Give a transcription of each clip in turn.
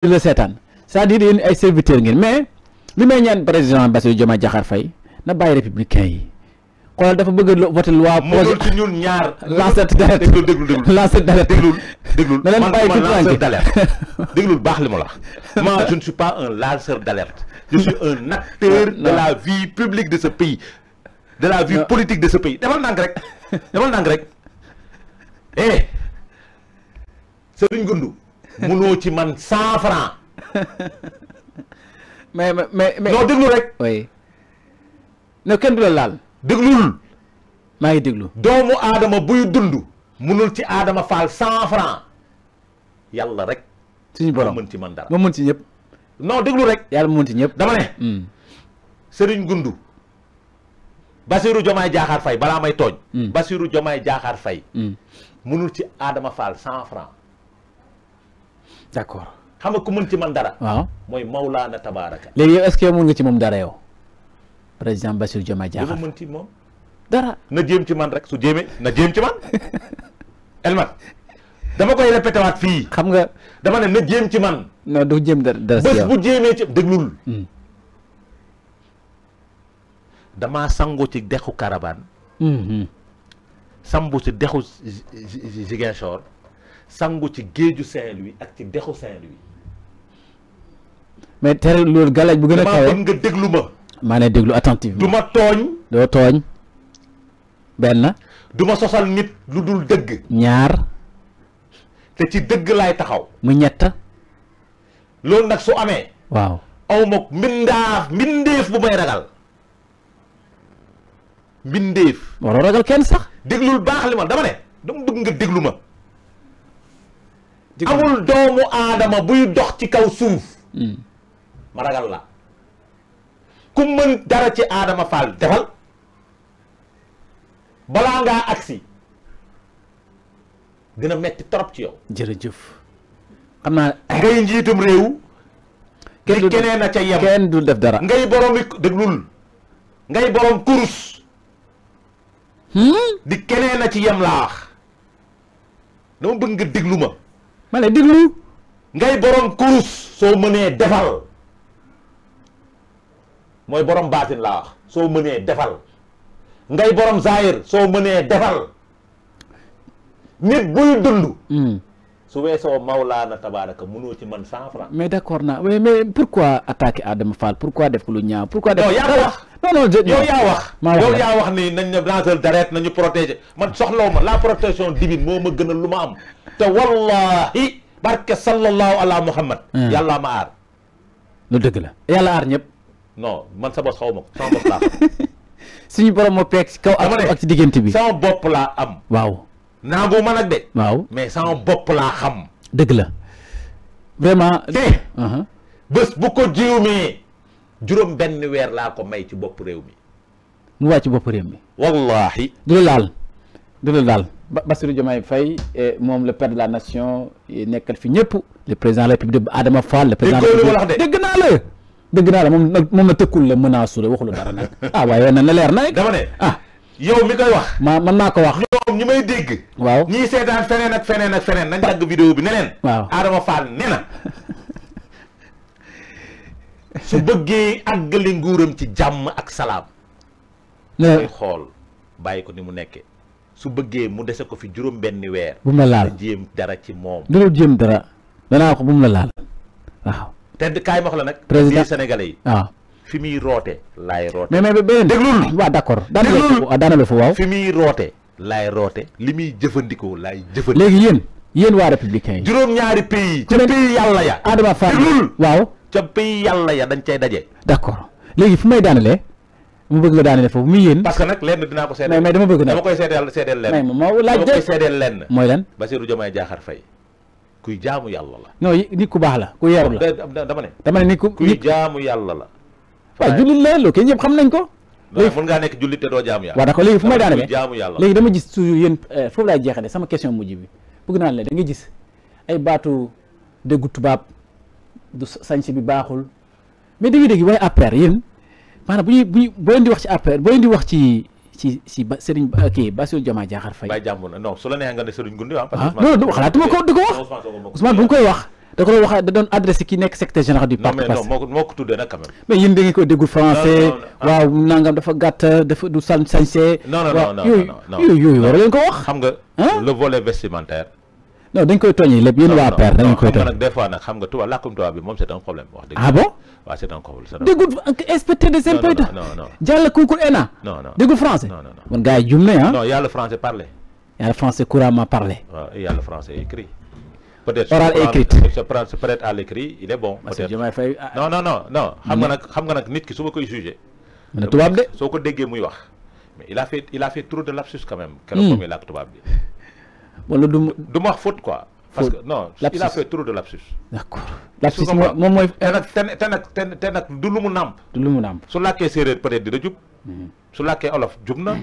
di setan seetaan cest à ay serviteur ngeen mais li may ñaan président bassou djoma jaxar fay na baye républicain yi xolal dafa bëgg voter loi projet ci ñun ñaar lanceur d'alerte deglu la set d'alerte deglu deglu na leen baye ci tranquille d'alerte deglu bax limu la wax moi je ne suis pas un lanceur d'alerte je suis un acteur de la vie publique de ce pays de la vie politique de ce pays demal ndànk rek demal ndànk rek eh Serigne gundou munoo ci man cent franc. mais mais mais non déglu rek. oui kenn du la laal. déglul. maa ngi déglu. doomu aadama buy dund. munul ci aadama faal cent franc. yàlla rek. suñu borom mën ci man dara. moo mën ci ñëpp. non déglu rek. yàlla mu mën ci ñëpp. dama ne. Hmm. Serigne Goundou. Basirou Diomaye Diakhar Faye balaa may tooñ. Hmm. Basirou Diomaye Diakhar Faye. Hmm. munul ci aadama faal cent franc. d' accord xam nga ku mën ci man dara. waaw mooy Mawlaana Tabaaraka. léegi yow est yow mën nga ci moom dara yow président ba Diomaye Diakhar mën ci moom. dara na jéem ci man rek su jéemee na jéem ci man koy répété fii. xam nga dama ne na man. non du jéem dara dara bés bu jéemee ci déglul. Hmm. damaa sangoo ci dexu Karabaan. Hmm, hmm. sambu ci dexu Ziguinchor. sangu ci géeju saint wi ak ci dexu saint wi mais tere loolu galaj bu gën a kawe nga déglu ma. maa ne déglu attentivement du ma tooñ. doo tooñ. benn. du ma sosal nit lu dul dëgg. ñaar. te ci dëgg laay taxaw. mu ñett. loolu nag su amee. waaw aw mbindaaf mbindeef bu may ragal. mbindeef. waroo ragal kenn sax. déglul baax li dama ne dama bëgg nga déglu ma. amul doomu aadama buy dox ci kaw suuf hmm. ma ragal la ku mën dara ci aadama faal defal balaa nga agsi gëna metti torop ci yow jërëjëf xam naa ngay njiitum réew kenn keneen a ca yem kenn du def dara ngay borom déglul ngay borom kurus hmm? di keneen a ci yem wax dama bëgg nga ma lay déglu. ngay borom kurus soo mënee defal mooy borom baatin laa wax soo mënee defal ngay borom zaahir soo mënee defal nit buy dund. Hmm. su weesoo Mawlaana tabaaraka mënoo ci man cent franc. mais d' accord naa mais mais pourquoi attaquer Adama Fall pourquoi def lu ñaaw pourquoi. def non yaa ko wax. non non je yow ya wax yow ya wax ni nañ ne lanceur d'alerte nañu protéger man soxlaw ma la protection divine moma gëna luma am te wallahi barke sallallahu ala muhammad hmm. yalla ma ar lu deug la yalla ar ñep non man sa bos xawma sa ko sama suñu borom mo pek ci kaw ak ci digënté bi sama bop la am waaw naangu man ak de waaw mais sama bop la xam deug la vraiment te eh. uh-huh. bëss bu ko jiw juróom benn weer laa ko may ci bopp réew mi. mu wàcc bopp réew mi. wallaahi. du la laal du la laal Bassirou Diomaye Faye eh, moom le père de la nation eh, nekkal fi ñëpp. le président de la République Adama Fall. le président de dégg naa la. dégg naa la moom nag moom la tëkkul la menace la waxul dara nag ah waaye na leer na dama ne ah yow mi koy wax. ma man maa ko wax. ñoom ñi may dégg. waaw ñii seetaan feneen ak feneen ak feneen nañ dagg vidéo bi neneen. waaw Adama Fall nee na. su bëggé àggali nguuram ci jamm ak salam lay xol bayiko ni mu nekkee su bëggé mu déssé ko fi juroom benn wër bu ma laal jëm dara ci mom dara jëm dara dana ko bu ma laal waaw. tedd kay ma wax la nag. président Sénégalais yi. waaw fi mi roté lay roté mais mais beneen déglul waaw d' accord. déglul daanaka waaw. fi mi roté lay roté limi jëfëndiko lay jëfëndiko légui yeen yeen wa républicain juroom ñaari pays. ci pays yalla ya. Adama Fall waaw. ca pays yàlla ya dañ cay daje. d' accord léegi fu may daanelee mu bëgg nga daanelee foofu muy yéen. parce que nag lenn dinaa ko seedeel. mais dama bëgg dama koy seedeel seedeel lenn. mais ma laaj dama koy seedeel lenn. mooy lan kuy jaamu yàlla la. non nit ku baax la ku yeeru la dama ne. dama ne yàlla la. waaw jullit la loolu kay ñëpp xam nañ ko. léegi mën nekk jullit te doo jaamu yàlla. waaw d'accord léegi fu may daanelee jaamu yàlla léegi dama gis toujours yéen euh, foofu laay jeexale sama question mujj bi bëgg naa la da nga gis ay baatu déggu tubaab du sañse bi baaxul mais dëgg-dëgg waaye APR yéen maanaam bu ñuy bu ñuy boo leen di wax ci APR boo leen di wax ci ci ci ba Serigne kii Bassirou Diomaye Diakhar Faye. bàyyi jàmbur na non su la neexee nga ne Serigne Goundé ah. parce que ah, non di wax Ousmane bu ñu koy wax. ko wax da doon adressé ki nekk secrétaire général du parti non moo ko tuddee nag quand mais yéen da ngeen ko déggul français waaw nangam dafa gàtt dafa du sañ sañse non non non non yooyu yooyu war leen ko wax xam nga le volet vestimentaire non dañ koy togné lépp yéen waa père dañ koy togné nag des fois nak xam nga tubaab làkkum tubaab bi mom c'est un problème wax dëgg ah bon wa c'est un problème déggul inspecteur de seen payta jàll kooku ENA non non déggul français man gars yi jum nañ ah hein? non yalla français parler yalla français couramment parler wa yalla français écrit peut-être oral écrit se prendre peut-être à l'écrit il est bon peut-être ah, non non non non xam nga nak xam nga nak nit ki su ma koy jugé ma ne tubaab de soko ko déggee muy wax mais il a fait il a fait trop de lapsus quand même hmm. keroog moom làkk tubaab bi wala du du ma faute quoi. parce que non il a fait trop de lapsus. d'accord lapsus moi moi te mhm. mhm. nag te nag te nag du lu mu nàmp. du lu mu nàmp su làkkee séeréer peut être dina jub. su làkkee olof jub na.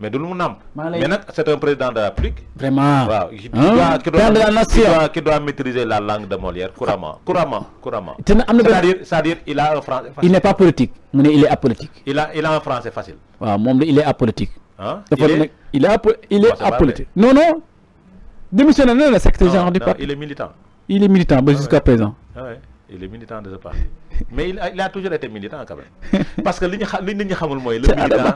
mais du lu mu nàmp. mais nak c'est un président de la République. vraiment waaw qui hein? doit qui doit qui doit maîtriser la langue de Molière couramment ah. couramment couramment. c'est-à-dire il a un français. facile il n'est pas politique il est apolitique. il a il a un français facile. waaw mom il est apolitique. Hein? il est il est apolitique non non. Démissionnaire dans le secrétaire général du pas. il est militant. Il est militant ah jusqu'à ouais. présent. Ah ouais. Il est militant de ce parti. Mais il a, il a, toujours été militant quand même. Parce que ce que nous savons, c'est le militant,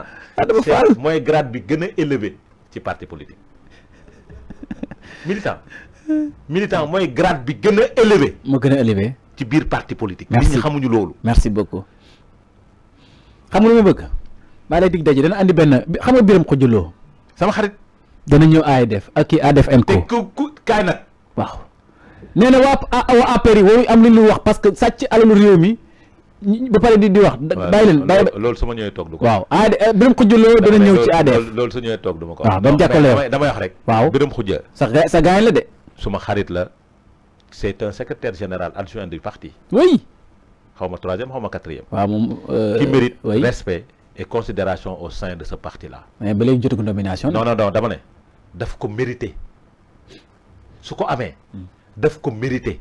c'est le grade le plus élevé du parti politique. Militant. Militant, c'est le grade le plus élevé. Le plus élevé. ci biir parti politique. merci nit ñi xamuñu loolu. merci beaucoup xam nga lu ma bëgg maa lay dig daje dana andi benn xam nga biram xujuloo sama xarit. dana ñëw e def ak kii ADF e and co. ku ku kaay nag. waaw nee na waa ah, waa APR yi waruñ am lu ñu wax parce que sàcc alalu réew mi ba pare di di wax. bàyyi leen bàyyi loolu su ma ñëwee toog du ko. waaw AD e eh, Birame Khoudia Lo dana ñëw ci ADF loolu su ñëwee toog du ma ko. waaw ba mu jàkkaarloo damay wax rek. waaw Birame Khoudia. sa gaa sa la de. suma xarit la c' est un secrétaire général adjoint du parti. oui. xaw ma troisième xaw ma quatrième. waaw moom. Euh, qui mérite respect. et considération au sein de ce parti-là. mais ba léegi une nomination. non non non dama ne daf ko mérité a fait, il daf ko mérité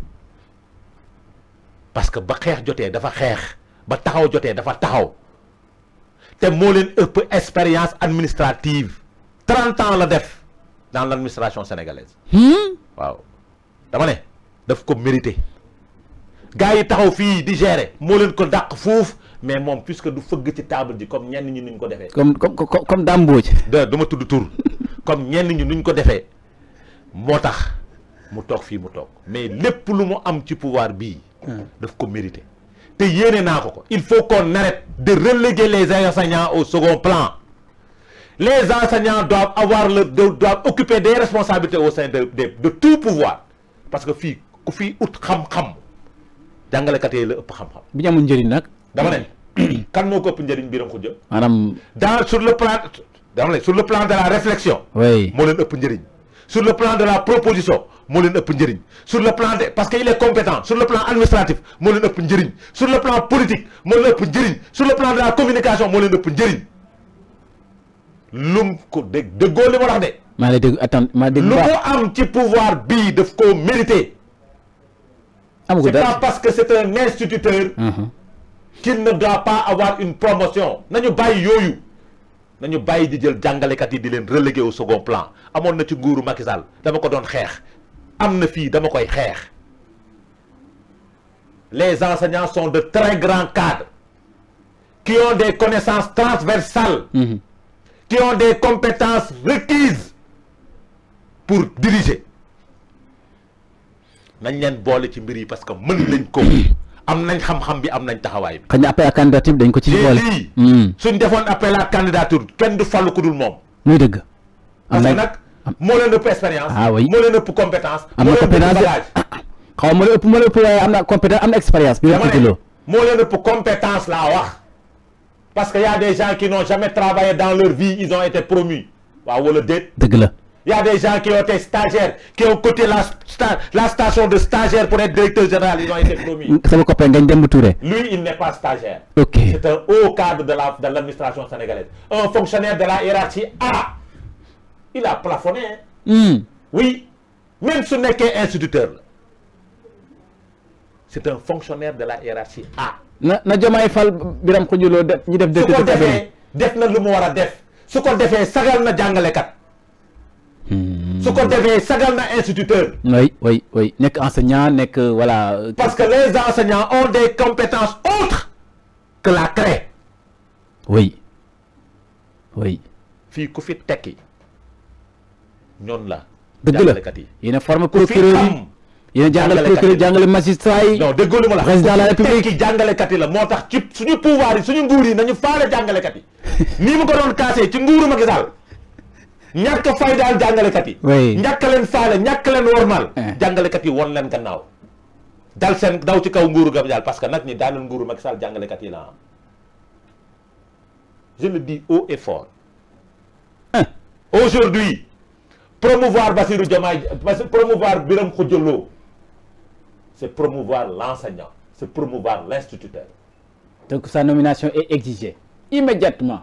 parce que ba xeex jotee dafa xeex ba taxaw jotee dafa taxaw te moo leen une expérience administrative. 30 ans la def dans l'administration sénégalaise. Hmm? waaw dama ne daf ko mérité gaay taxaw fi di gérer mo leen ko dàq fouf mais mom puisque du feug ci table di comme ñenn ñi ñu ko défé comme comme comme dambo ci de du ma tudd comme ñenn ñu ñu ko défé motax mu tok fi mu tok mais lepp lu mu am ci pouvoir bi daf ko mérité. té yéné naa ko il faut qu'on arrête de reléguer les enseignants au second plan les enseignants doivent avoir le doivent occuper des responsabilités au sein de de de tout pouvoir parce que fi ku fi out xam-xam jàngalekat le la ëpp xam-xam. bi ñam amul njëriñ nag. dama ne kan moo ko ëpp njëriñ biiram xujja. manam dans sur le plan dama ne sur le plan de la réflexion. oui mo leen ëpp njëriñ. sur le plan de la proposition mo leen ëpp njëriñ sur le plan de parce que il est compétent sur le plan administratif mo leen ëpp njëriñ sur le plan politique mo leen ëpp sur le plan de la communication mo leen ëpp njëriñ lum ko dégg déggoo li wax de. ma ngi lay dégg attend ma dégg lu ko am ci pouvoir bi daf ko mérité. C'est pas parce que c'est un instituteur uh-huh. qu'il ne doit pas avoir une promotion. Nañu bàyyi yooyu nañu bàyyi di jël jàngalekat yi di l'en reléguer au second plan Amon na ci nguuru Macky Sall dama ko don xeex am fi dama koy xeex les enseignants sont de très grands cadres qui ont des connaissances transversales uh-huh. qui ont des compétences requises pour diriger nañ leen boole ci mbir yi parce que mën nañ ko am nañ xam-xam bi am nañ taxawaay bi. xëy na appel à candidature dañ ko ci boole hmm. suñ defoon appel à candidature kenn du falu kudul mom. moom. muy dëgg. am nañ parce que nag peu expérience. ah oui moo leen ëpp compétence. am na compétence xaw ma la mole ma la ëpp waaye am na compétence am expérience. bi dama ne moo peu compétence laa wax. parce que y a des gens qui n'ont jamais travaillé dans leur vie ils ont été promus. waaw wala déet la. Il y a des gens qui ont été stagiaires, qui ont coté la, station de stagiaire pour être directeur général. Ils ont été promis. Lui, il n'est pas stagiaire. C'est un haut cadre de l'administration sénégalaise. Un fonctionnaire de la hiérarchie A. Il a plafonné. Hmm. Oui. Même ce n'est qu'un instituteur. C'est un fonctionnaire de la hiérarchie A. Ce qu'on a fait, ce qu'on a fait, sagal na su ko defee sagal na instituteur. oui oui oui nek enseignant nek euh, voilà. parce que les enseignants ont des compétences autres que la craie. oui oui. fi ku fi teki ñon la. dëgg la yéen a formé procureur yi jangal a jàngale procureur jàngale magistrat yi. non déggoo ma la président de la république ki jangalé yi la motax ci suñu pouvoir yi suñu nguur yi nañu faale jàngalekat yi. ni mu ko don casser ci nguuru magistrat ñàkk a fay daal jàngalekat yi. oui ñàkk leen faale ñàkk leen eh. jangale kat yi won leen gannaaw. dal sen daw ci kaw nguru gam dal parce que ni ñi nguru nguuru Macky jangale kat yi la am. je le dis haut et fort. Eh. aujourd'hui promouvoir Bassirou Diomaye promouvoir biram Khoudia c'est promouvoir l'enseignant c'est promouvoir l'instituteur. donc sa nomination est exigée immédiatement.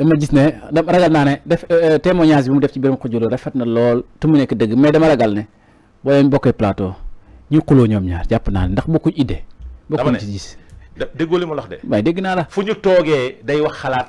dama gis ne dama ragal naa ne def euh, euh, témoignage bi mu def ci biiram xujuloo rafet na lool te mu nekk dëgg mais dama ragal ne boo leen bokkee plateau ñu xuloo ñoom ñaar jàpp naa ne ndax bokkuñ idée bokkuñ ci gis déggoo li ma wax de waaye dégg naa la fu ñu toogee day wax xalaat